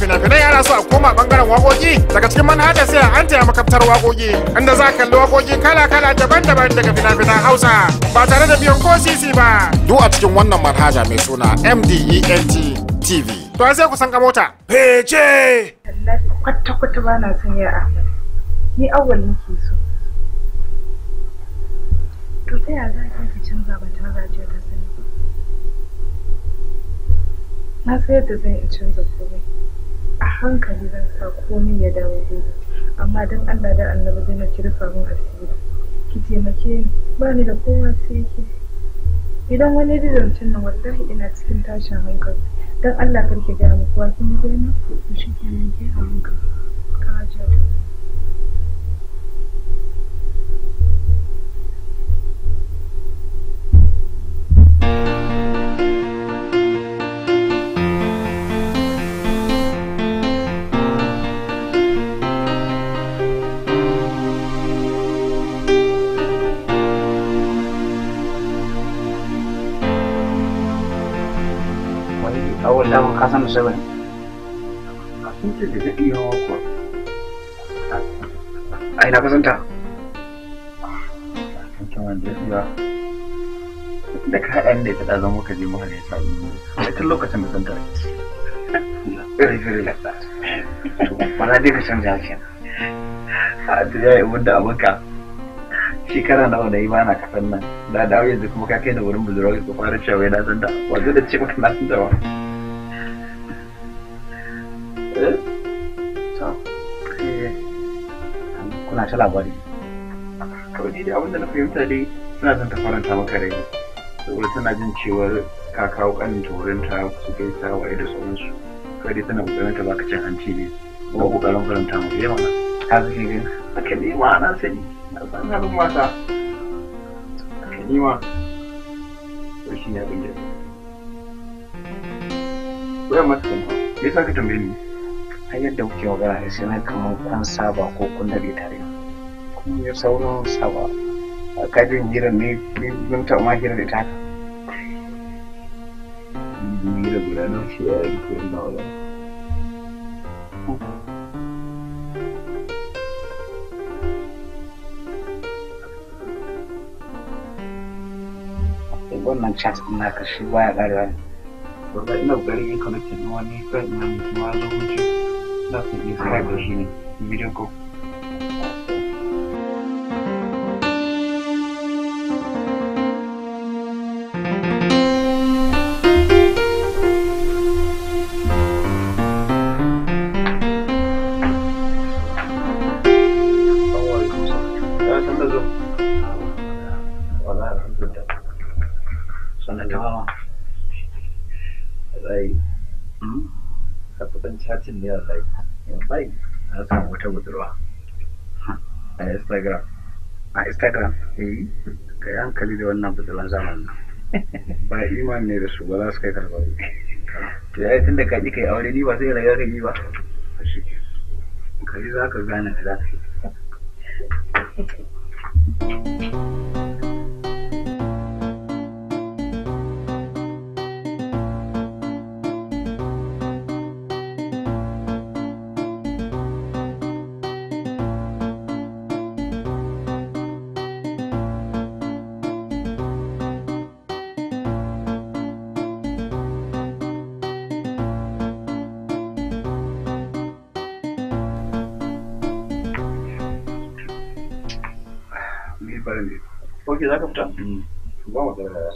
fina-finai ana su a koma bangaren wakoki daga cikin manhaja sai an taya makaftar wakoki inda za kalli wakoki kala-kala daban-daban daga fina-finan hausa ba tare da biyan ko sisi ba Du a cikin wannan manhaja mai suna mdent tv to sai ku san ka mota fece kwata-kwata ba na son ya ahmad ni awwal nake so to ta yaya za ki canza ba ta rajiya ta sani na sayar da zan in canza komai a hankali zan sa komai ya dawo daidai amma don allah da annabi zai mace rufa min asiri ki taimake ni ba ni da kowa sai ki idan wani rizancin nan wallahi ina cikin tashin hankali don allah kar ki gaya mu kowa kin zai na shi nan ke a hankali ka jira thank you shago ka san shago sun ce da iya hawa kuwa a ina ka ta mutum wanda ya da ka haɗa da ita da zan muka je muka ne sa da tun lokacin da san ta mana dai ka canja kenan a ta ya yi wanda abuka shekara nawa da yi ba na kasan nan da dawo yanzu kuma ka kai da wurin budurwa ka fara cewa na san da wato da ce maka na san da ba eh to eh kuna ta labari kawai ni dai abinda na fahimta dai suna son faranta maka rai saboda tana jin cewar ka kawo kanin taurinta su kai sa waye da sauransu kai dai tana kokarin ta baka cin hanci ne kuma kokarin faranta maka yawa na ka zai ne haka ne ma na sani na san halin mata haka ne ma to shi ne abin da ya mata kuma me sa ka tambaye ni a yadda kuke magana da sai na kamar kun saba ko kun daɗe tare kun yi saurin saba a kajin hira ne mun taɓa hira da taka hira guda nan shi ya yi kuɗin na wala wannan chat ɗin naka shi baya ƙarewa ne But like I ain't collecting no money, threatening me not with you. Nothing is happening. go. instagram eh hankali da wannan fitilan zamanin ba iman ne da su ba za su kai karɓar to yayi tun da ka ji kai aure ni ba sai rayuwa kai ba ka yi za ka gane da za ka yi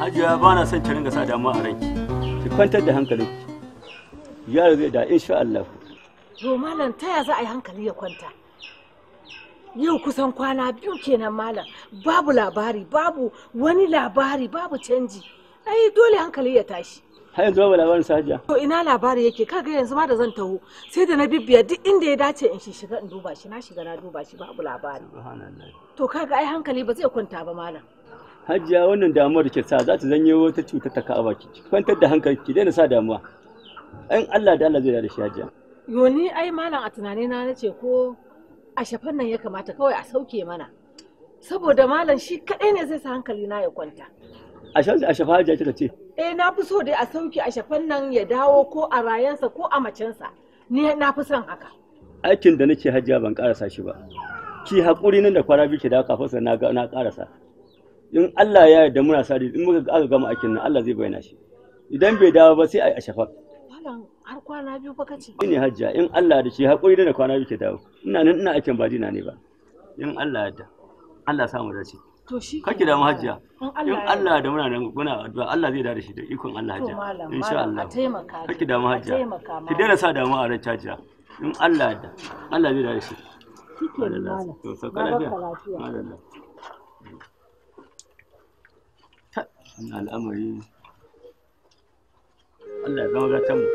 hajiya ba na son ki ringa sa damuwa a ranki ki kwantar da hankalinki yaro zai da insha Allah to malam taya za a yi hankali ya kwanta yau kusan kwana biyu kenan malam babu labari babu wani labari babu canji ai dole hankali ya tashi har yanzu babu labarin sahaja to ina labari yake kaga yanzu ma da zan taho sai da na bibbiya duk inda ya dace in shi shiga in duba shi na shiga na duba shi babu labari to kaga ai hankali ba zai kwanta ba malam hajiya wannan damuwar da ke sa za ta zanyo wata cutar ta ka'aba ki kwantar da hankali ki daina sa damuwa in Allah da Allah zai da shi hajiya yoni ai malam a tunani na nace ko a shafan nan ya kamata kawai a sauke mana saboda malam shi kadai ne zai sa hankali na ya kwanta a shafa a shafa hajiya kika ce eh na fi so dai a sauke a shafan nan ya dawo ko a rayansa ko a macensa ni na fi son haka aikin da nake hajiya ban karasa shi ba ki haƙuri nan da kwara biki da dawo na na karasa in Allah ya yarda muna sadi, in muka aka gama aikin nan Allah zai bayyana shi idan bai dawo ba sai a shafa malam har kwana biyu fa kace ni hajja in Allah da shi hakuri da kwana biyu ke dawo ina nan ina aikin badina ne ba in Allah ya yarda Allah ya samu dace to shi kake da mu hajja in Allah da muna nan muna addu'a Allah zai dare shi da ikon Allah hajja insha Allah kake da mu hajja ki daina sa damu a ran hajja in Allah ya yarda Allah zai dare shi Kike malam. To, sakala biya Madalla. al'amari Allah ya zama gatan mu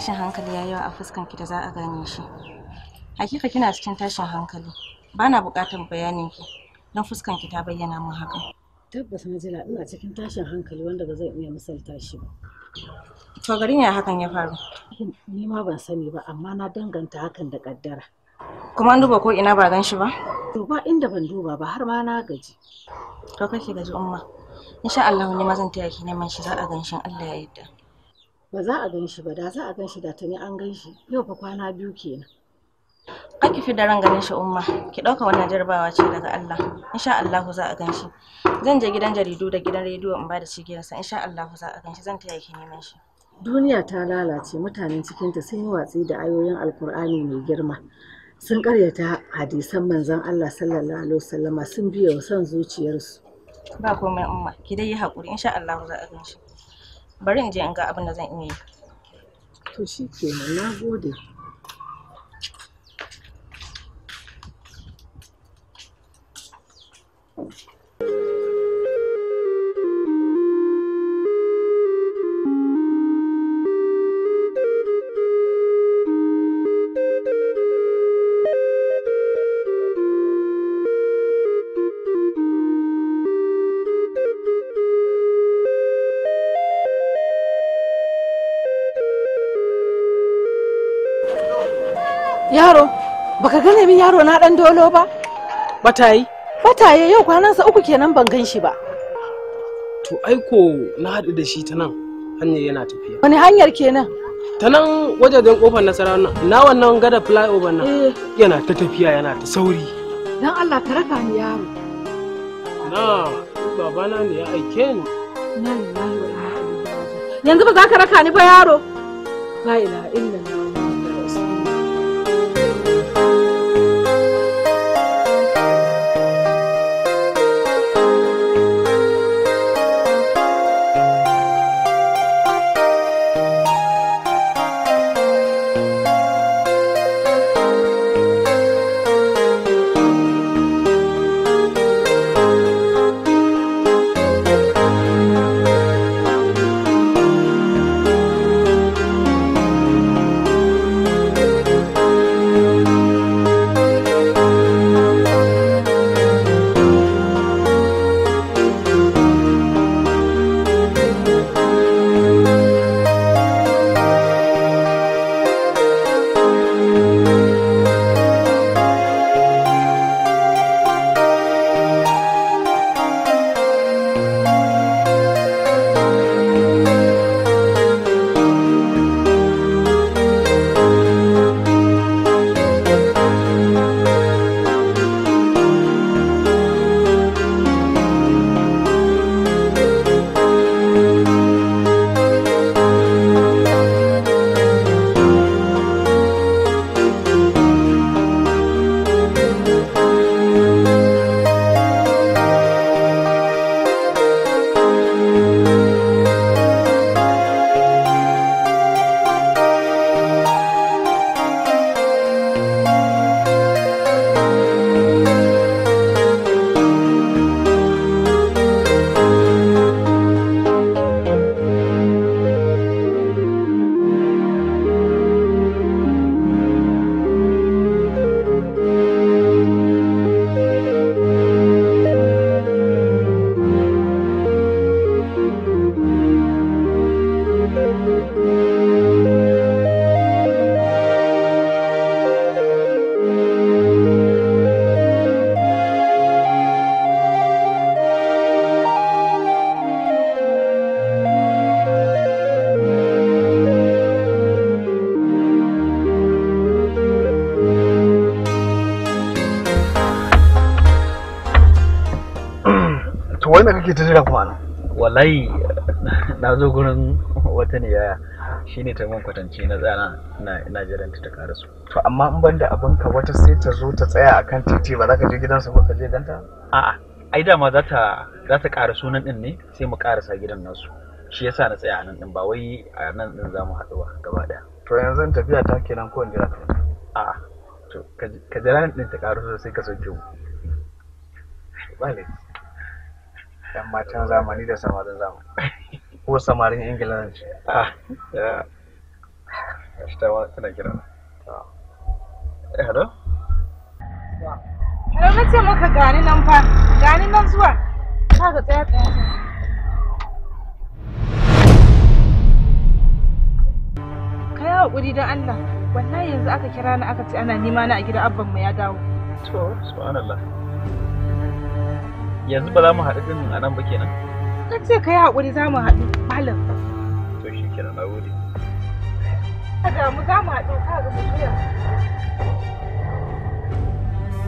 tashin hankali ya yawa a fuskan ki da za a gane shi hakika kina cikin tashin hankali bana buƙatar bayanin ki don fuskan ki ta bayyana mu haka tabbas Najila ina cikin tashin hankali wanda ba zan iya misalta shi ba to garin ya hakan ya faru ni ma ban sani ba amma na danganta hakan da kaddara kuma duba ko ina ba gan shi ba to ba inda ban duba ba har ma na gaji to kake gaji umma insha Allah ni ma zan taya ki neman shi za a gan shi Allah ya yarda ba za a gan shi ba da za a gan shi da tuni an gan shi yau fa kwana biyu kenan kan ki fi daren ran ganin shi umma ki ɗauka wannan jarabawa ce daga Allah insha Allah za a gan shi zan je gidan jaridu da gidan rediyo in bada cigiyarsa insha Allah za a gan shi zan taya ki neman shi duniya ta lalace mutanen cikinta sun yi watsi da ayoyin alkur'ani mai girma sun karyata hadisan manzon Allah sallallahu alaihi wasallama sun biya wa son zuciyarsu ba komai umma ki dai yi haƙuri insha Allah za a gan shi bari in je in ga abin da zan iya yi to shi kenan na gode Thank you. Yaro, baka gane min yaro na dan dolo ba? bata yi yau kwanansa uku kenan ban gan shi ba. To aiko na haɗu da shi ta nan hanyar yana tafiya. Wani hanyar kenan? Ta nan wajajen kofar nasara nan, na wannan gada flyover nan eh. yana ta tafiya yana ta sauri. Dan Allah ka raka ni yaro. Na, babana ne ya aike ni. nan Yanzu ba za ka raka ni ba yaro? La ilaha illallah. kake ta jira kwana wallahi na zo gurin wata ne yaya shine ta mun kwatance na tsana na ina jiran ta kare su to amma in banda abin ka wata sai ta zo ta tsaya akan titi ba za ka je gidansa ba ka je ganta a'a ai dama za ta za ta ƙara sunan din ne sai mu sa gidan nasu shi yasa na tsaya a nan din ba wai a nan din za mu haɗu ba gaba ɗaya to yanzu tafiya ta kenan ko in jira ka a'a to ka jira nan din ta ƙaro sai ka sauke mu ba laifi 'yan matan zamani da samarin zamani ko samarin ingila na ce ah, ya shi ta wa tana kira eh hello hello na ce maka gani nan fa gani nan zuwa ka ga tsaya tsaya ka yi haƙuri don allah wallahi yanzu aka kira ni aka ce ana nima na a gida abban mu ya dawo to subhanallah yanzu ba za mu haɗu din a nan ba kenan kan ce ka yi haƙuri za mu haɗu malam to shi kenan na gode Kada mu za mu haɗu ka ga mutuya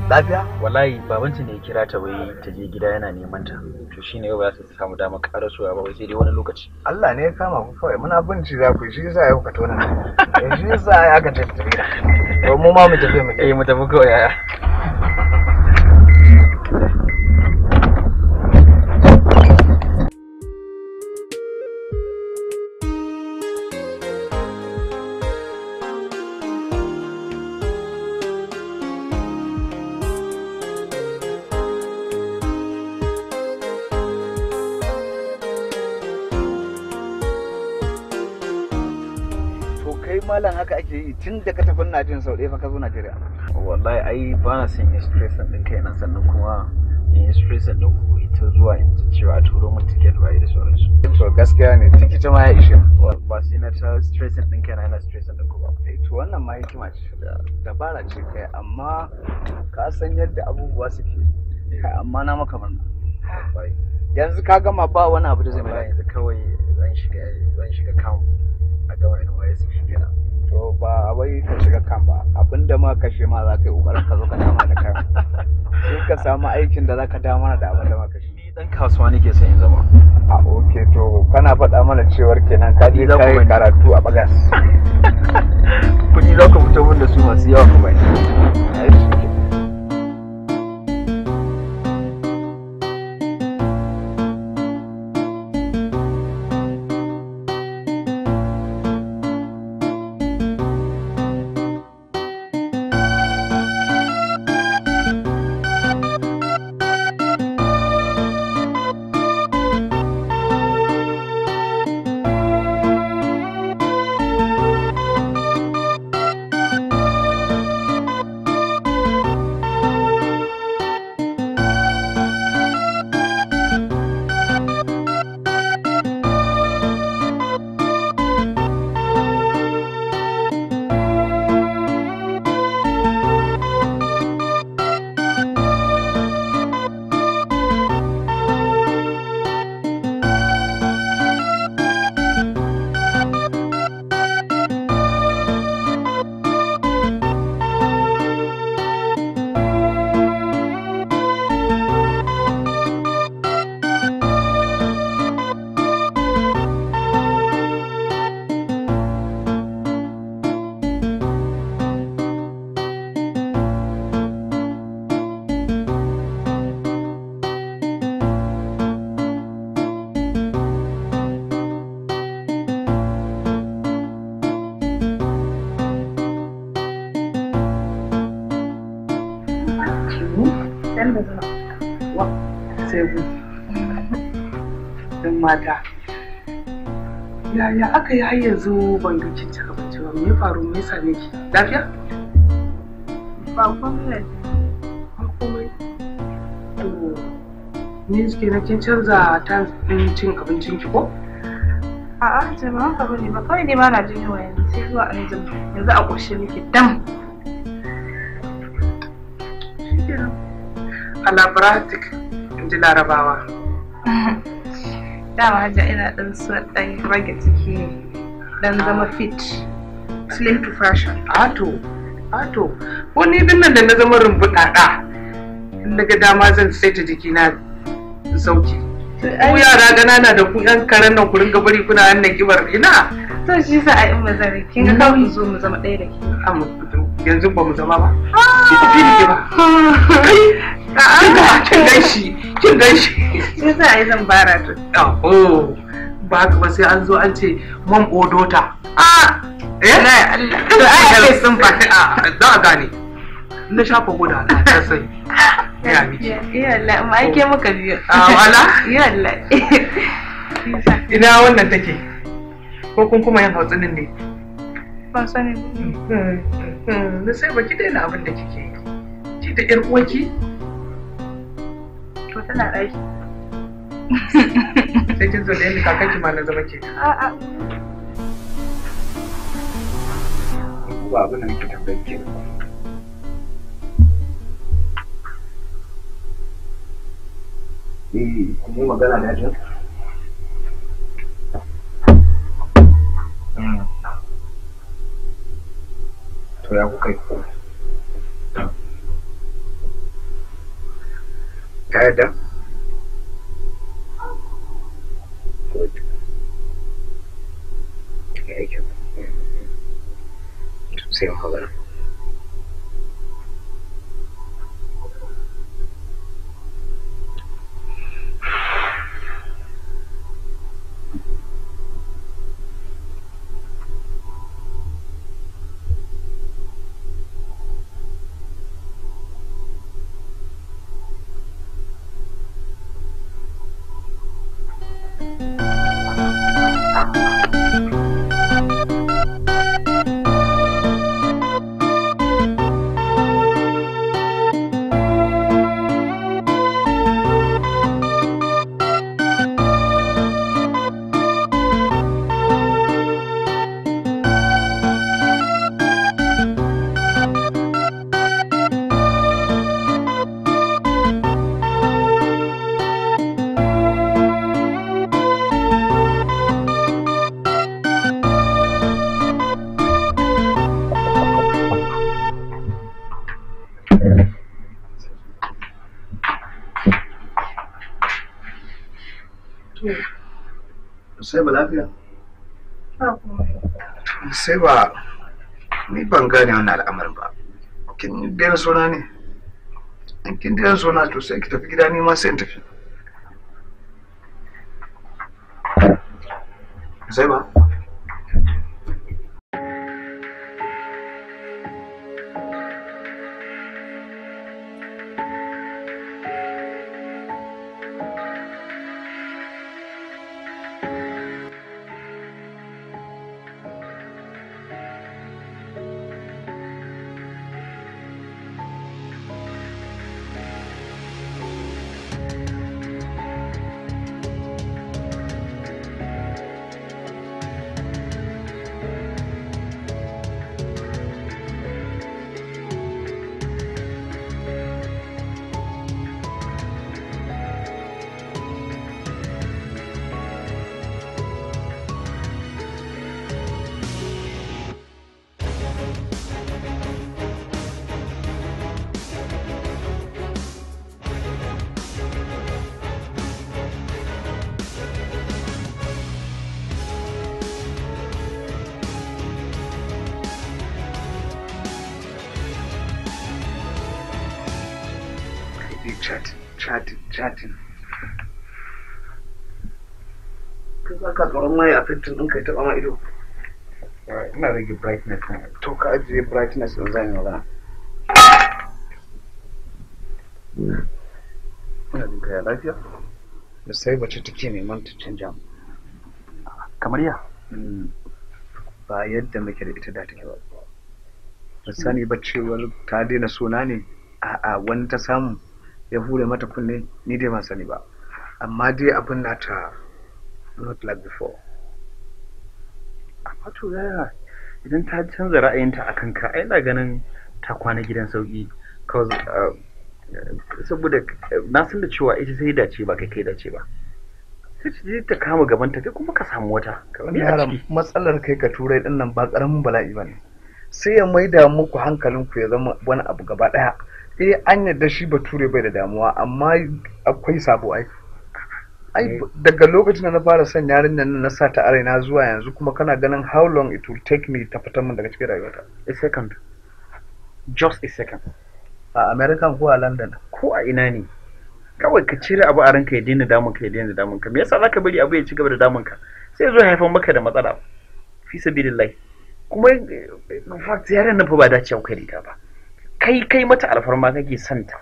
lafiya wallahi babanci ne ya kira ta wai ta je gida yana neman ta to shine yau ba za su samu damar karasowa ba wai sai dai wani lokaci Allah ne ya kama ku kawai muna binci za ku shi yasa ya kuka tona eh, shi yasa ya ka tafi tafi da mu ma mu tafi mu eh mu tafi kawai yaya nake yi tun da ka tafi na jin sau ɗaya fa ka zo Najeriya. Wallahi ai ba na son expression ɗin kaina sannan kuma in expression ɗin ku ita zuwa in ci cewa turo mu ticket waye da sauransu. To gaskiya ne tikiti ma ya ishe. Ba sai na ta stressing ɗin kaina yana stressing ɗin ku ba. Eh, to wannan ma hikima ce Da dabara ce kai amma ka san yadda abubuwa suke. Eh. Amma na maka murna. Yanzu ka gama ba wani abu da zai mai yanzu kawai zan shiga zan shiga kawo a wayar NYSC kenan. to ba a wai ka shiga kan ba abin da ma kashe ma za ka yi ƙoƙarin ka zo ka dama da kan sai ka samu aikin da za ka dama da abin da ma kashe ni dan kasuwa nake son in zama a oke to kana faɗa mana cewar kenan ka je kai karatu a bagas kuɗi za ku fito mun da su masu yawa ku bani ya aka yi har yanzu ban ga kin cika bace ba me ya faru me yasa ne ki lafiya ba komai ba komai to ni suke na kin canza ta din cin abincin ki ko a'a ce ma haka bane ba kawai ne ba na jin yawa yanzu sai zuwa anjin yanzu a ƙoshe nake dam alabratik in ji larabawa dama hajja ina dan suna dan rage ciki dan ah. zama fit slim to fashion ato ato wani din nan da na zama rumbuɗaɗa daga dama zan saita jikina sauki ku yara ganana da ku yan karen nan ku ringa bari kuna yan kibar ina to shi sa a yi mazari kin ga kawai zo mu zama ɗaya da ke amma yanzu ba mu zama ba ki tafi da ba kai kin gan shi kin gan shi sai za a yi zambara to oh ba haka ba sai an zo an ce mom odota a eh na Allah to ai kai sun fa za a gane na shafa guda na ta sai ya mi yalla amma ai ke muka biyo a wala yalla ina wannan take ko kun kuma yin hautsinin ne ban sani eh, eh, na sai baki daina abin da kike yi ki da yar uwaki to tana ɗaki sai kin zo da kakanki ma na zama ke a'a para qualquer coisa. Cada coisa é que eu não sai ba ni ban gane wannan al'amarin ba kin daina suna ne in kin daina suna to sai ki tafi gida ni ma sai in tafi sai ba chatting kai za ka tsoron mai affecting ɗin kai taɓa ma ido ina rage brightness na to ka ajiye brightness ɗin zan yi magana ina jin kaya lafiya da sai bace take neman ta canja kamar ya hmm. ba yadda muke da ita da take ba ba sani ba cewar ta daina suna ne a'a wani ta samu ya hure mata kunne ni dai ban sani ba amma dai abin nata not like before amma to yaya idan ta canza ra'ayinta akan ka ai na ganin ta kwana gidan sauki um, saboda um, na san da cewa ita sai dace ba kai kai dace ba sai ta ta kama gaban ta kai kuma ka samu wata yaran matsalar kai ka turai din nan ba karamin bala'i bane sai ya maida muku hankalinku ya zama wani abu gaba daya eh an yadda shi bature bai da damuwa amma akwai sabo ai ai eh. daga lokacin da na fara son yarin nan na sa ta na zuwa yanzu kuma kana ganin how long it will take me ta fitar min daga cikin rayuwata a second just a second a american ko a london ko a ina ne kawai ka cire abu a ranka ya daina damun ka ya daina damun ka me yasa zaka bari abu ya ci gaba da damun ka sai zo haifar maka da matsala fi sabilillah kuma eh, in fact yaran nan fa ba dace kai da ba kai kai mata alfarma kake santa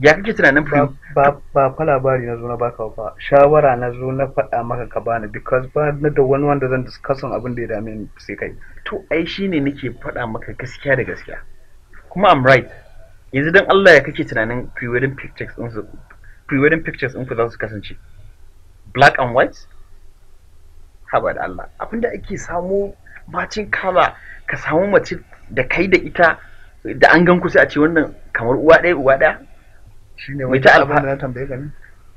ya kake tunanin ba ba fa labari na zo na baka ba shawara na zo na faɗa maka ka bani because ba na da wani wanda zan discussion abin da ya dame ni sai kai to ai shine nake faɗa maka gaskiya da gaskiya kuma I'm right yanzu dan Allah ya kake tunanin pre-wedding pictures din su pre-wedding pictures din ku za su kasance black and white haba da Allah abinda ake samu matching kala ka samu mace da kai da ita da an gan kusa a ce wannan kamar uwa ɗaya uwa ɗaya shine wani abin da na tambaye ka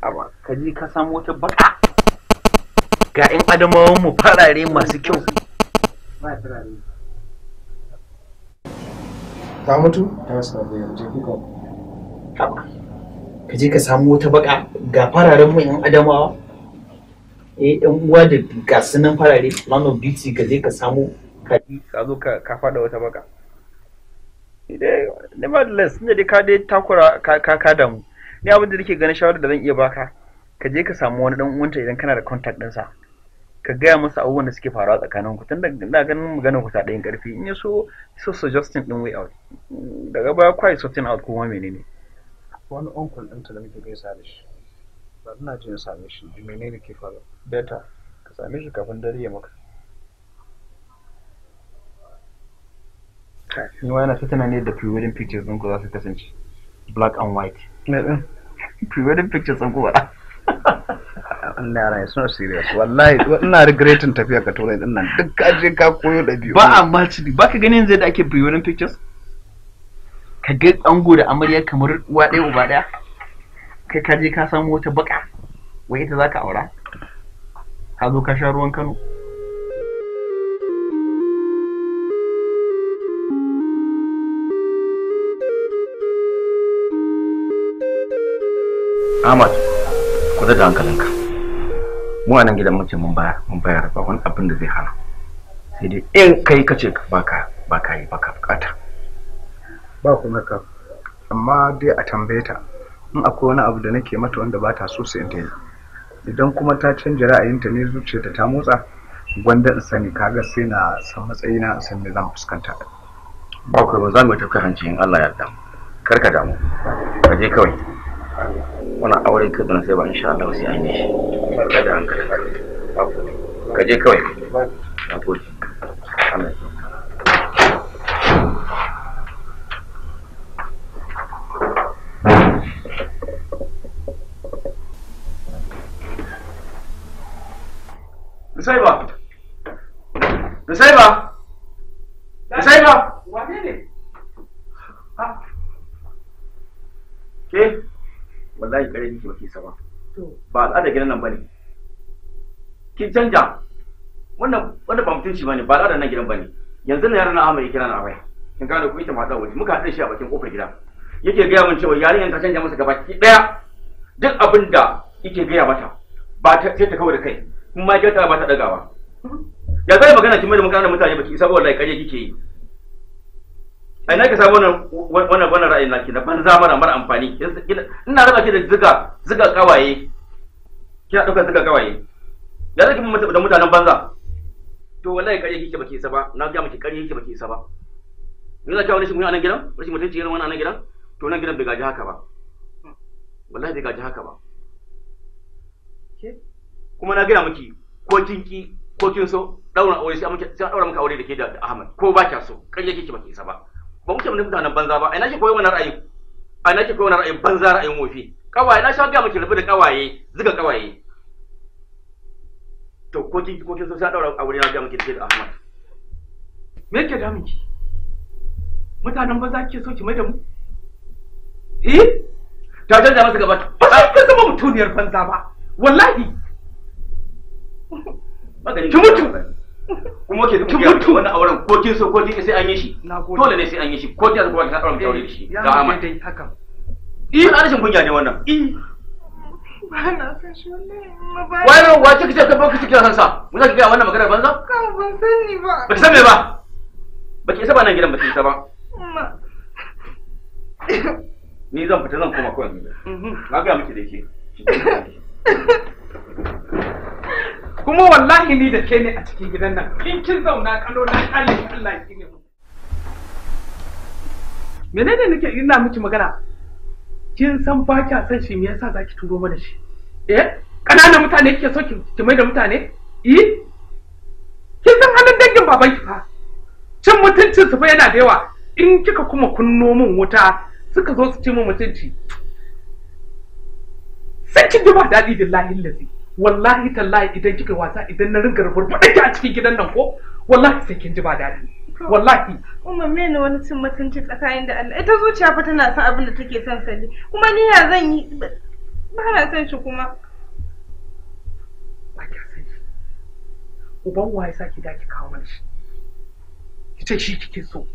amma ka ji ka samu wata baka ga ƴan adamawan mu farare masu kyau ta mutu ta samu yanzu kuka ka je ka samu wata baka ga fararen mu ƴan adamawa eh ƴan uwa da gasu nan farare man of duty ka je ka samu ka zo ka fada wata baka Eh, nevertheless tunda dai ka dai takura ka ka damu ni abin da nake ganin shawarar da zan iya baka ka je ka samu wani dan uwanta idan kana da contact ɗinsa ka gaya masa abubuwan da suke faruwa tsakanin ku tunda ina ganin maganar ku ta ɗayan karfi in ya so so suggesting din way out daga baya kwai sorting out kuma menene wani uncle ɗinta da muke gaisa da shi ba ina jin same shi menene ke faruwa better ka same shi kafin dare ya maka ni ma yana ta tunani da pre-wedding pictures ɗinku za su kasance black and white pre-wedding pictures ɗinku ba Allah ya suna serious wallahi ina regretin tafiya ka turai din nan duk ka je ka koyo da biyu ba amma cidi ba ka ganin zai da ake pre-wedding pictures ka ga ango da amarya kamar uwa ɗaya uba ɗaya kai ka je ka samu wata baka wai ita za ka aura ka zo ka sha ruwan kano Ahmad, ku da hankalinka. Mu a nan gidan mace mun bayar, mun bayar ba wani abin da zai hana. Sai dai in kai ce baka baka yi baka bukata. Ba kuma ka. Amma dai a tambaye ta in akwai wani abu da nake mata wanda ba ta so sai in yi. Idan kuma ta canja ra'ayinta ne zuciyarta ta motsa, gwanda in sani kaga sai na san matsayina in san me zan fuskanta. Ba ba za mu tafi hanci in Allah ya yarda. Karka damu. Ka je kawai. wani aure ka zana sai ba insha Allah sai an yi shi kada an kada ka je kawai na gode Allah Nusaiba! Nusaiba! wallahi ƙarfi ki baki sama ba al'ada gidan nan bane ki canja wannan wannan ba mutunci bane ba al'ada nan gidan bane yanzu na yaran Ahmad ya kira na abai kin gane ku ita mata waje muka haɗa shi a bakin kofar gida yake gaya min cewa yarinyar ta canja masa gabaki daya duk abin da yake gaya mata ba ta sai ta kawo da kai kuma ma ta ba ta dagawa ya zai magana kin mai da magana mutane baki isa ba wallahi kare kike yi ai na ki samu wannan wannan wannan ra'ayin naki na banza mara mara amfani ina raba ki da ziga ziga kawaye kina dauka ziga kawaye da zaki mun da mutanen banza to wallahi kare kike baki sa ba na ga miki kare kike baki sa ba ni zaka wani shi mun anan gidan shi mutunci gidan wani anan gidan to nan gidan bai gaji haka ba wallahi bai gaji haka ba kuma na gaya miki ko kinki ko kin so daura aure sai an daura maka aure da ke da Ahmad ko ba kya so kare kike baki sa ba ba mu ce mun mutanen banza ba ai na shi koyi wannan ra'ayi ai na shi koyi wannan ra'ayi banza ra'ayin wofi kawaye na sha ga miki rabu da kawaye zuga kawaye to ko kin ko kin so sai daura a wurin ga miki da Ahmad me yake da miki mutanen banza kike so ki mai da mu eh ta canza masa gaba ba sai ka zama mutuniyar banza ba wallahi ki mutu kuma ke ya mutu wannan auren ko kin so ko kin sai an yi shi dole ne sai an yi shi ko kin so ko kin sai an yi shi ga amma dai haka eh arshin kunya ne wannan eh ba na san shi wannan ba wai wa kike ta ka kike san sa mun zaki ga wannan magana banza ka ban sani ba ba san me ba ba ke saba nan gidan ba ke saba ni zan fita zan koma kawai mhm. na ga miki da ke kuma wallahi ni da ke ne a cikin gidan nan kin kin zauna Kano na kalle Allah ya kine mu menene nake ina miki magana kin san ba kya san shi me yasa zaki turo mana shi eh kananan mutane kike so ki mai da mutane eh kin san hannun dangin baban ki fa cin mutuncin su fa yana da yawa in kika kuma kunno min wuta suka zo su ci mu mutunci sai kin ji ba daɗi billahi lillahi wallahi tallahi idan kika wasa idan na ringa faɗa ki a cikin gidan nan ko wallahi sai kin ji ba daɗi wallahi kuma ne wani cin mutunci tsakanin da Allah ita zuciya fa tana son abin da take son sani kuma ni ya zan yi ba na son shi kuma ba ka san shi uban waye saki da ki kawo mana shi Ita shi kike so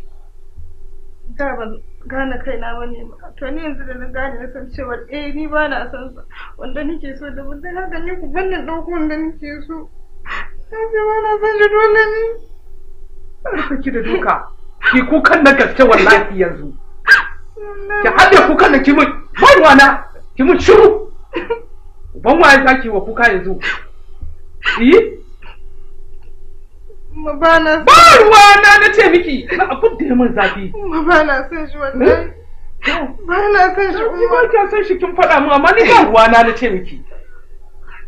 da ban gane kaina ba ne ba to ni yanzu da na gane na san cewa eh ni ba na san sa wanda nake so da wanda haka ni ku banda dauko wanda nake so sai ba na san shi dole ne ki da duka ki kukan na gaske wallahi yanzu ki hade kukan da ki mun bai wana ki mun shiru ban wani zaki wa kuka yanzu eh ba na ba ruwa na na ce miki na a da yamin zafi ba na son shi wallahi ba na son shi umma ba ka son shi kin faɗa mu amma ni ba ruwa na na ce miki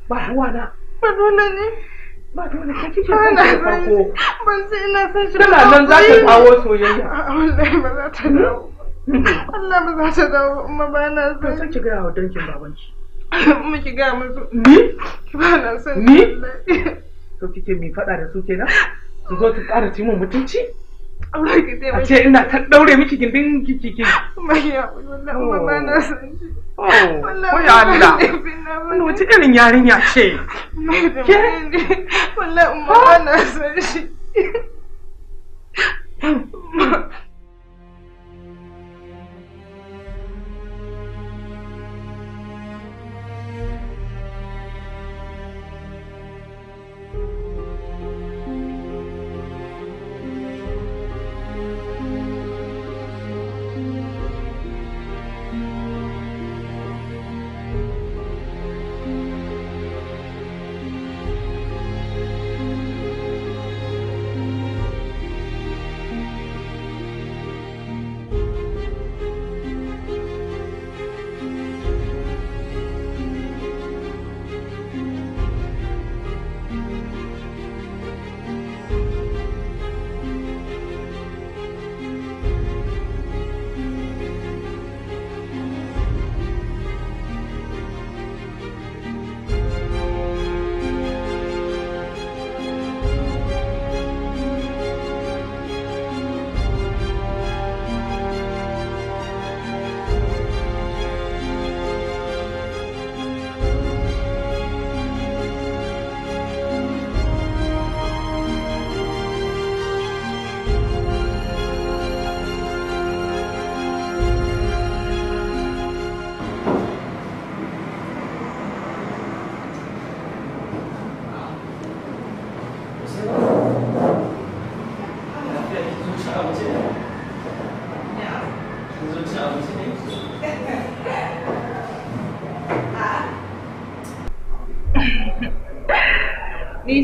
ba ruwa na ba dole ne ba dole ka kike son shi farko ban sai ina son shi tana nan za ta kawo soyayya wallahi ba za ta hmm? dawo Allah ba za ta dawo umma ba na son sai ki ga wa dankin babanki ki ga musu ni ba na son ni so kike mi faɗa da su kenan su zo su ƙara cimin mutunci a ce ina ta ɗaure miki gindin kiki oh. oh, Wai Allah, wani wace irin yarinya ce? Ke? Wallahi umma ba na san shi. Hmm.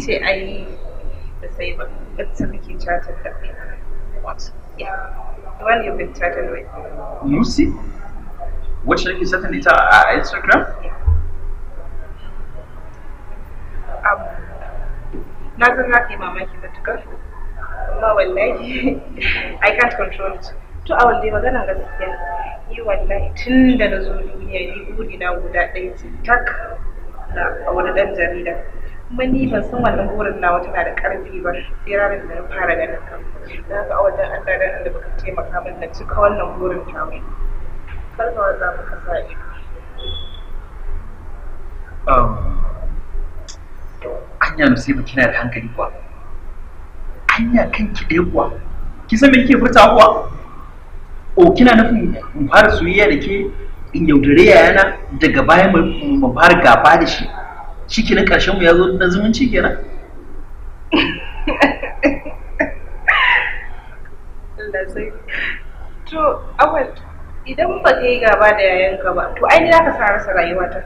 ce a yi da sai ba yadda muke chatin da what yeah the one you've been chatting with Lucy wacce yake satin ita a Instagram um, na san na kai mamaki matukar amma wallahi I can't control it to a dai magana gaskiya ni wallahi tun da na zo duniya ni buri na guda ɗaya tak na a wani ɗan jarida kuma ni ban san wannan burin na wata na da karfi ba sai ranar da na fara ganin ka da haka a wajen Allah dan da baka taimaka min na cika wannan burin ta mai kar ka watsa maka sa'i um anya sai ba kina da hankali kuwa anya kan ki dai kuwa ki san me kike furta kuwa o kina nufin mu fara soyayya da ke in yaudare yayana, daga baya mu fara gaba da shi shi na ƙarshen mu ya zo na zumunci kenan to awal idan ba ka yi gaba da yayanka ba to ai za ka sa rasa rayuwata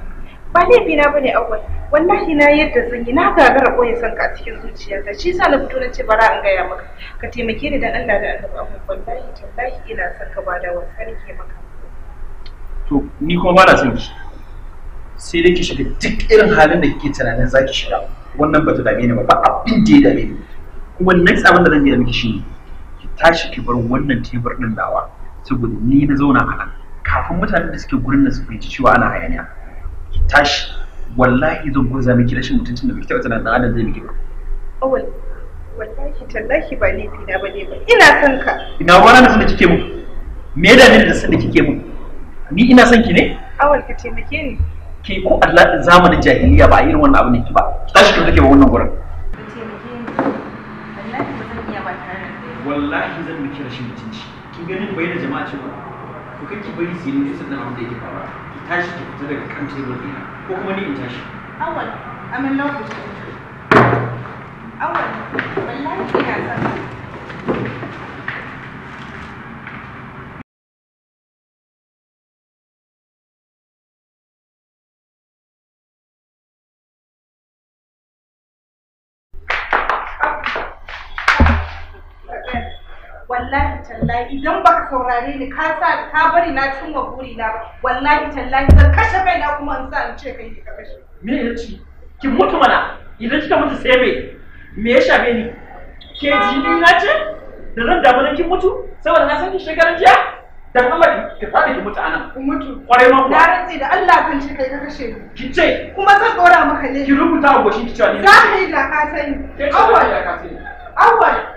ba laifi na ne awal wallahi na yadda zan yi na gagara koyi san ka cikin zuciyarka shi yasa na fito na ce bara in gaya maka ka taimake ni dan Allah da Allah ba wallahi tallahi ina son ka ba da wasa ke maka to ni kuma ba na son ki sai dai ki shiga duk irin halin da kike tunanin za ki shiga wannan ba ta dame ni ba ba abin da ya dame ni kuma next abin da zan da miki shine ki tashi ki bar wannan tebur din dawa saboda ni na zauna a nan kafin mutanen da suke gurin nan su fahimci cewa ana hayaniya ki tashi wallahi zan gurza miki rashin mutuncin da bai taɓa tunanin adam zai miki ba awal wallahi tallahi ba laifi na bane ba ina son ka ina gwana da sun da kike mu me da ne da sun da kike mu ni ina son ki ne awal ka taimake ni ke ko Allah zamanin jahiliya ba irin wannan abu ne ba tashi kin kake ba wannan gurin wallahi zan miki rashin mutunci kin ganin bai da jama'a cewa ku kake bari su yi nisan nan da yake faruwa ki tashi ki fita daga kan tebur ɗina ko kuma ni in tashi awal I'm in love with you awal wallahi ina son wallahi tallahi idan baka saurare ni ka sa ka bari na cimma buri na ba wallahi tallahi zan kashe kai na kuma in sa in ce kai ka kashe me ya ci ki mutu mana idan kika mutu sai me me ya shafe ni ke jini na ce da zan damu mun kin mutu saboda na san ki shekaran jiya da Allah ki fadi ki mutu anan ku mutu kwarai ma na rantsi da Allah kan ce kai ka kashe ni ki ce kuma zan dora maka ne ki rubuta a goshin ki cewa ni za ka yi da ka sani sani awai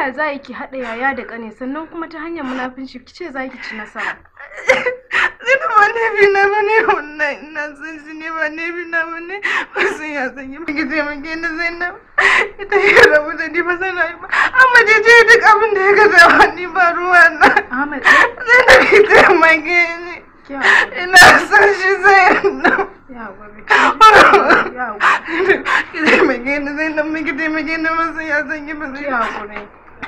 yaya za ki haɗa yaya da ƙane sannan kuma ta hanyar munafinci ki ce za ki ci nasara Zinu ba ne bi na ba ne wannan ina san shi ne ba ne bi na ba ne ba sun ya san yi maki taimake na na ita ka rabu da ni ba sana yi ba amma je je duk abin da ya zai wa ni ba ruwa na zainab ki taimake ni ina san shi na ya taimake ni zainab miki taimake ni ba sun ya san yi ba zai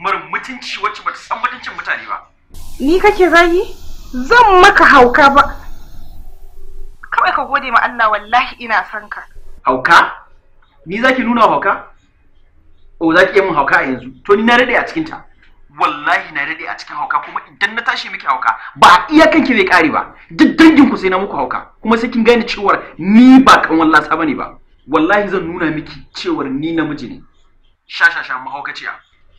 mara mutunci wacce bata san mutuncin mutane ba ni kake zagi zan maka hauka ba kawai ka gode ma Allah wallahi ina son ka hauka ni za ki nuna hauka o za ki yi min hauka a yanzu to ni na rade a cikinta. wallahi na rade a cikin hauka kuma idan na tashi miki hauka ba a iyakan ki zai kare ba duk danginku sai na muku hauka kuma sai kin gane cewar ni ba kan wallahi ne ba wallahi zan nuna miki cewar ni namiji ne sha sha sha mahaukaciya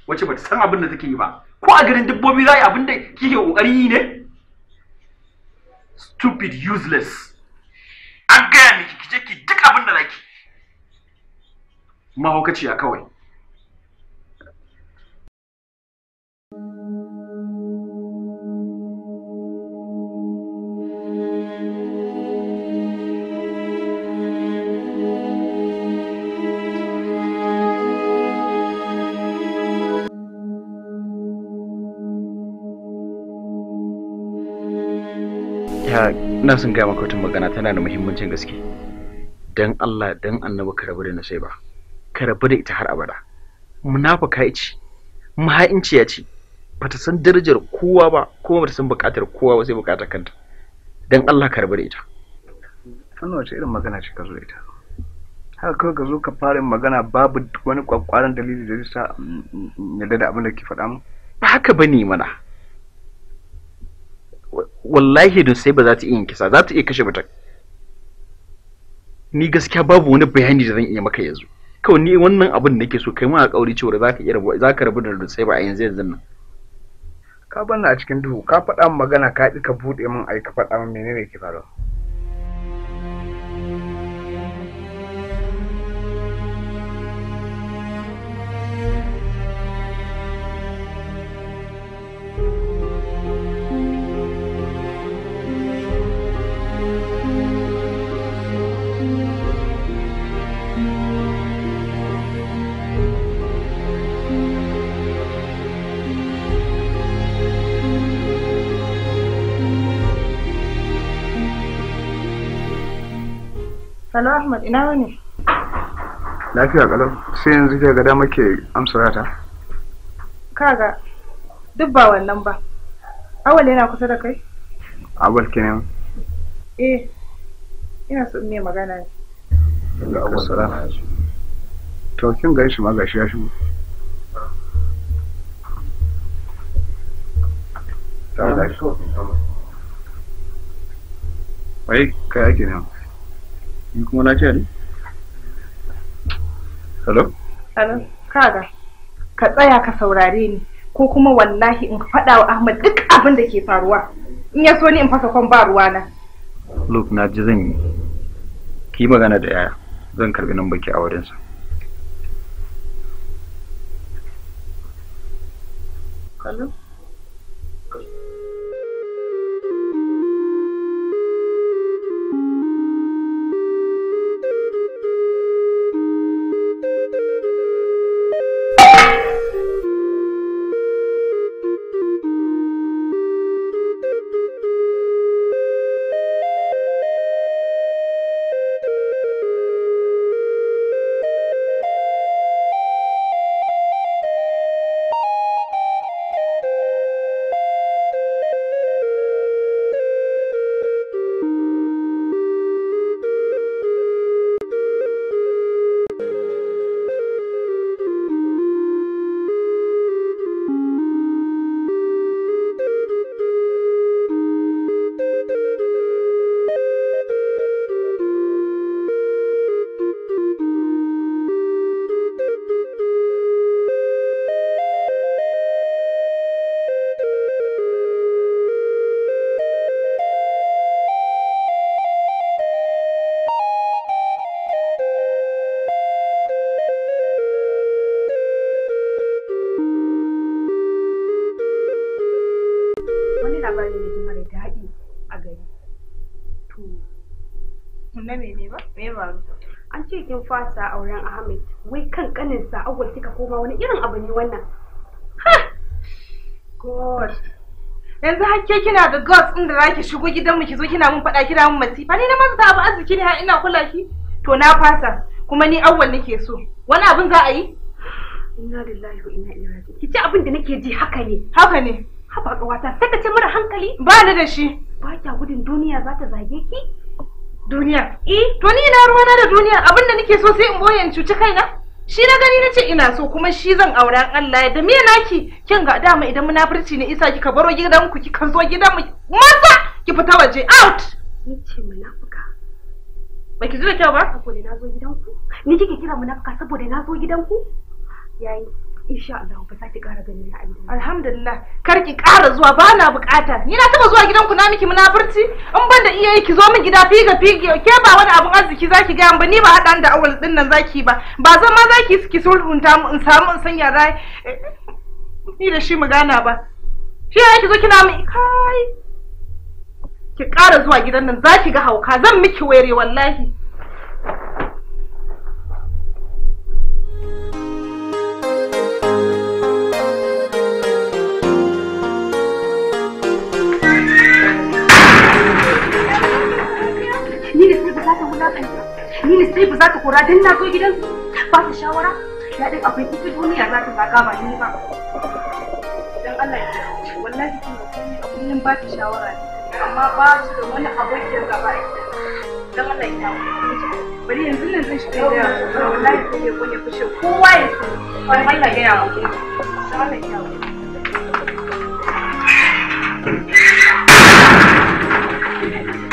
wacce ta san abin da take yi ba ko a garin dabbobi za a yi abin da kike kokari yi ne stupid useless an gaya miki kije ki duk abin da zaki mahaukaciya kawai ina son gaya maka wata magana tana da muhimmancin gaske dan Allah dan annabi ka rabu da ba. ka rabu da ita har abada munafika ce mahainciya ce bata san darajar kowa ba kuma bata san bukatar kowa ba sai bukatar kanta dan Allah ka rabu da ita wannan wace irin magana ce ka zo ita haka kawai ka zo ka fara magana babu wani kwakwaran dalili da zai sa ya dada abin da ke faɗa mu ba haka bane mana wallahi da sai ba za ta iya kisa za ta iya kashe mutum ni gaskiya babu wani bayani da zan iya maka yanzu kawai ni wannan abin da nake so kai ma kauri cewa za ka iya rabu za ka rabu da sai ba a yanzu yanzu nan ka banna a cikin duhu ka faɗa min magana ka ka buɗe min ai ka faɗa min menene ke faruwa Salo Ahmad ina wani? Lafiya kalau sai yanzu ke gada muke ke amsa Kaga duk ba wannan ba. Awal yana kusa da kai? Awal kenan. Eh. Ina so in magana ne. Ga Abu To kin ga shi ma gashi ya shigo. Ta da shi. Wai kai ake nan. Ni kuma ce ne? Hello? Hello, kaga. Ka tsaya ka saurare ni ko kuma wallahi in faɗa wa Ahmad duk abin da ke faruwa. In ya so ni in fasa kwan ba ruwa na. Look, na ji zan yi. Ki magana da yaya. Zan karɓi nan baki a wurinsa. Hello? ce kin fasa auren Ahmed wai kan kanin sa awwal kika koma wani irin abu ne wannan God yanzu hakke kina da God din da zaki shigo gidanmu ki zo kina mun faɗa kina mun masifa ni na ta abu arziki ne har ina kula ki to na fasa kuma ni awwal nake so wani abin za a yi inna lillahi wa inna ilaihi raji'un kici abin da nake ji haka ne haka ne haba kawata sai ka ce mara hankali ba ni da shi ba kya gudun duniya za ta zage ki duniya eh to ni ina ruwana da duniya abin da nake so sai in boye in cuci kaina shi na gani nace ina so kuma shi zan an Allah da me naki kin ga dama idan munafurci ne isa kika baro ku kika zo mu maza ki fita waje out nace munafuka baki ji da kyau ba saboda na zo ku ni kike kira munafuka saboda na zo gidanku yayi insha Allah ba za ki ƙara ganin na aiki alhamdulillah kar ki ƙara zuwa ba na bukata ni na taba zuwa gidanku na miki munafurci in ban da yi ki zo min gida figa figa ke ba wani abun arziki zaki gaya ba ni ba hadan da awal ɗin nan zaki ba ba zan ma zaki ki sulhunta mu in samu in sanya rai ni da shi mu gana ba shi ya ki zo kina kai ki ƙara zuwa gidan nan zaki ga hauka zan miki were wallahi ni sai ba za ta kora don na zo gidan ba ta shawara daɗin akwai ita duniya za ta zaka ba ni ba don Allah ya ce wallahi kin ga komai a kullum ba ta shawara amma ba su da wani abokin gaba don Allah ya ce bari yanzu nan zan shiga da yaro wallahi sai ya kone fushe kowa ya so don Allah ya yawo don Allah ya yawo Thank you.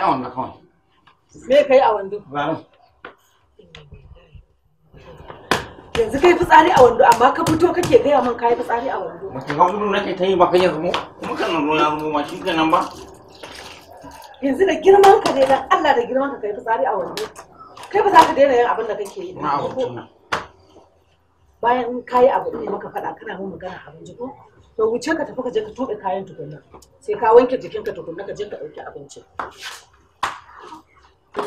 yi awon na kawai me ka yi a wando yanzu kai fitsari a wando amma ka fito kake gaya min kai fitsari a wando mace ka gudu nake ta yi ba kai yanzu kuma kan nan ya zubo ma shi kenan ba yanzu da girman ka dai dan Allah da girman ka kai fitsari a wando kai ba za ka daina yin abin da kake yi na wando bayan kayi abu ne maka faɗa kana mun magana abinci ko to wuce ka tafi ka je ka tuɓe kayan tukunna sai ka wanke jikinka tukunna ka je ka ɗauki abincin an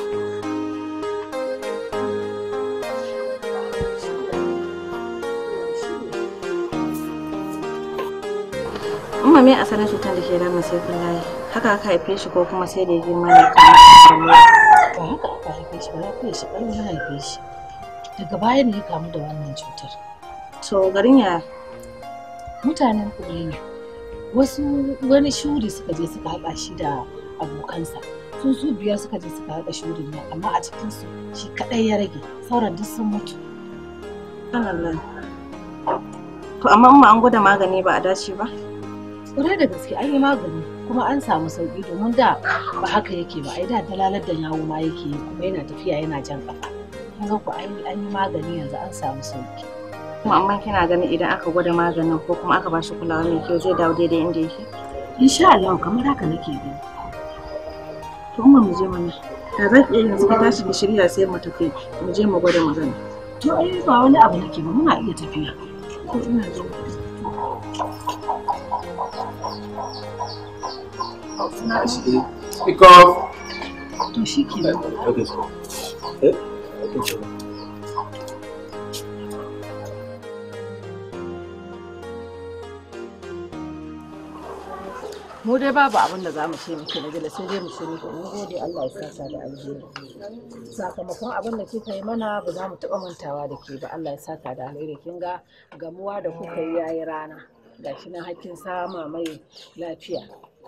me asalin cutar da ke damun sai kullaye? Haka aka haife shi ko kuma sai da ya girma ne kamar Ba haka haife shi ba shi na haife shi. Daga baya ne ya kamu da wannan cutar. To garin ya? Mutanen Kullaye wasu wani shuri suka je suka haɗa shi da abokansa. su su biyar suka je suka haɗa shurin nan amma a cikin su shi kaɗai ya rage sauran duk sun mutu to amma in an gwada magani ba a dace ba ƙurai da gaske an yi magani kuma an samu sauki domin da ba haka yake ba ai da dalalar da yawo ma yake yi kuma yana tafiya yana jan kafa kun ga ku an yi magani yanzu an samu sauki kuma amma kina ganin idan aka gwada maganin ko kuma aka bashi kulawa mai kyau zai dawo daidai inda yake insha Allah kamar haka nake gani to muje mu je mana da za iya yanzu ki tashi ki shirya sai mu tafi mu je mu gwada magana to ba wani abu nake ba muna iya tafiya okay mu dai babu abin da za mu ce miki na jila sai dai mu ce miki mun gode Allah ya sasa da alheri sakamakon abin da kika yi mana ba za mu taɓa mantawa da ke ba Allah ya saka da alheri kin ga gamuwa da kuka yi yayi rana gashi na hakkin sama mai lafiya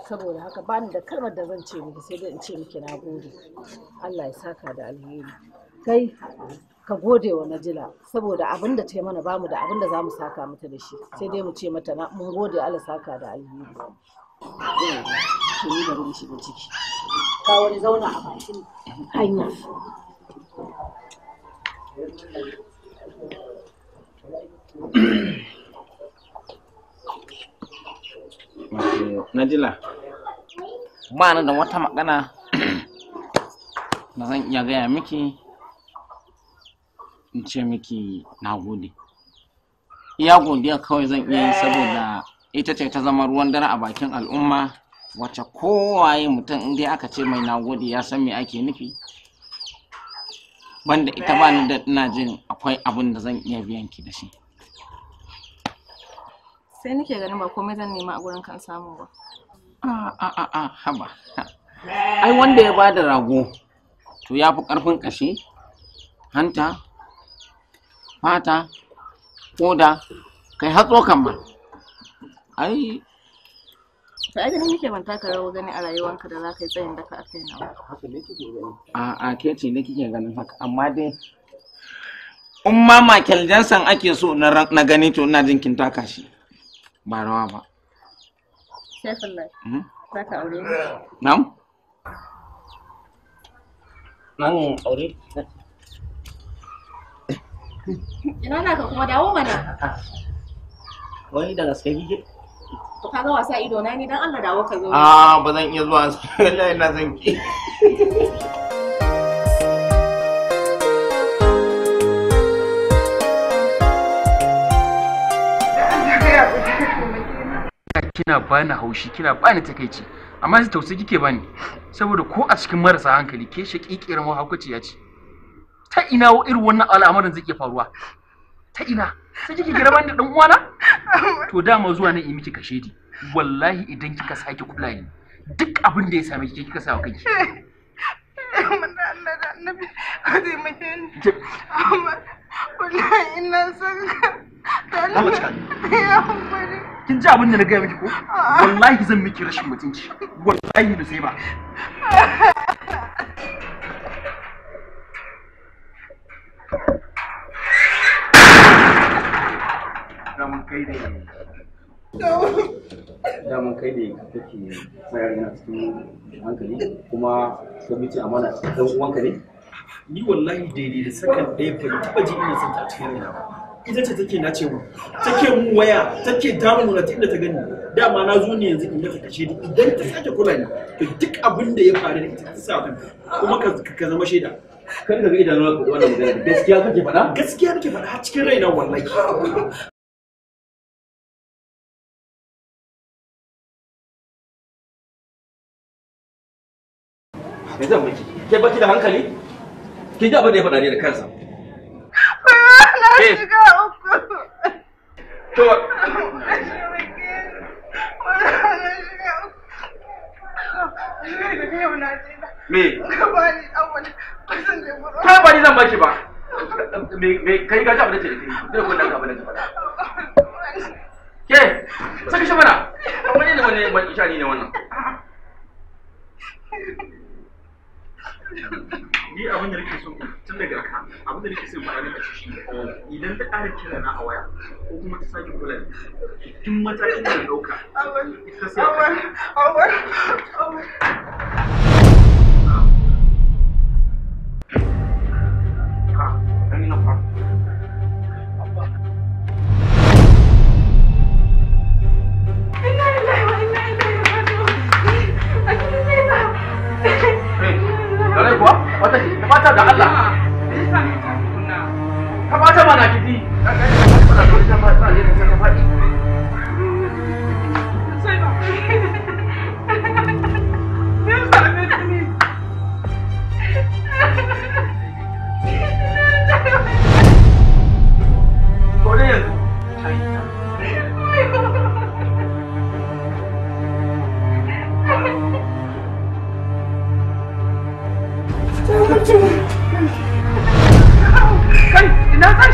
saboda haka bani da kalmar da zan ce miki sai dai in ce miki na gode Allah ya saka da alheri kai ka gode wa najila saboda abin da ta yi mana bamu da abin da za mu saka mata da shi sai dai mu ce mata mun gode Allah saka da alheri Ni bari mu shiga ciki. Ka wani zauna a bakin hanya. Najila, ba ni da wata magana da zan iya gaya miki in ce miki na gode. Iya godiya kawai zan iya yi saboda ita ce ta zama ruwan dare a bakin al'umma wacce kowaye mutum in dai aka ce mai nagode ya san me ake nufi banda ita ba ni da ina jin akwai abin da zan iya biyan ki da shi sai nake ganin ba komai zan nema a gurin kan samu ba a a a haba ai wanda ya bada rago to ya fi karfin kashe hanta fata koda kai hatso kan ma ai to ai ganin nake ban taka rawar gani a rayuwarka da za ka yi tsayin daka akai na haka ne kike gani a ke ce ne kike ganin haka amma dai in ma Michael Johnson ake so na gani to ina jin kin taka shi ba rawa ba Saifullah hmm? zaka aure nan aure ina naka kuma dawo mana Wani da gaske kike to kaga wasa ido na ni dan Allah dawo ka zo a ba zan iya zuwa wallahi na zan ki kina bani haushi kina bani takaici amma sai tausayi kike bani saboda ko a cikin marasa hankali ke shaƙiƙiyar ya ce ta ina irin wannan al'amarin zai ke faruwa ta ina sai kike girma da dan uwana to dama zuwa nan yi miki kashedi wallahi idan kika sake kula ni duk abin da ya same kike kika sawa kanki Kin ji abin da na gaya miki ko? Wallahi zan miki rashin mutunci. Wallahi da sai ba. damun kai ne damun kai ne kake tsayar yana cikin hankali kuma ka bi amana dan uwanka ne ni wallahi daidai da sakan ɗaya ban taɓa ji ina son ta cikin raina ba ita ce take na ce mu take mu waya take damu na inda ta gani dama na zo ne yanzu in mata kashe duk idan ta sake kula ni to duk abin da ya faru da ita ta sa kuma ka zama shaida kan daga idanun wannan magana gaskiya kake faɗa gaskiya kake faɗa cikin raina wallahi me zan miki ke baki da hankali k'i ji abin da ya faɗa ne da kansa na eh. shiga uku me ka ba awali zan baki ba me kai abin da ke da kai zai ka abin da ke ke saka shi mana wani ni abin da nake so tun daga ka abin da nake so ba ni kashi shi idan ta ƙara kira na a waya ko kuma ta sake kula da duk matakin da dauka ita sai awal awal ah. ka dan na fara mata ki ta fata da Allah ta fata mana kiti ta fata da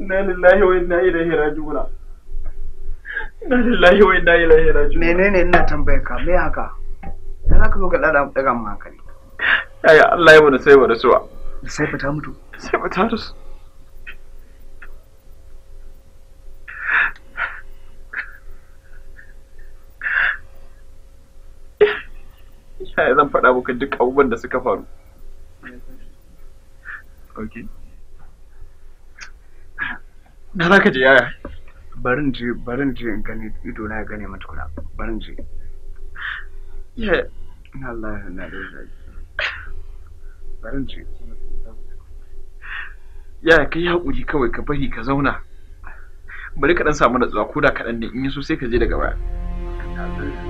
inna lillahi wa inna ilaihi raji'un inna lillahi wa inna ilaihi raji'un menene ina tambayar ka me haka ya zaka zo ka dada daga mu hankali yaya Allah ya mu da sai mu da suwa sai fita mutu sai fita da su yaya zan faɗa muku duk abubuwan da suka faru okay na za ka je yaya barin je barin je in gani ido na gane mata barin je ya na Allah na da zai barin je yaya kai hakuri kawai ka bari ka zauna bari ka dan samu natsuwa ko da kaɗan ne in yi so sai ka je daga baya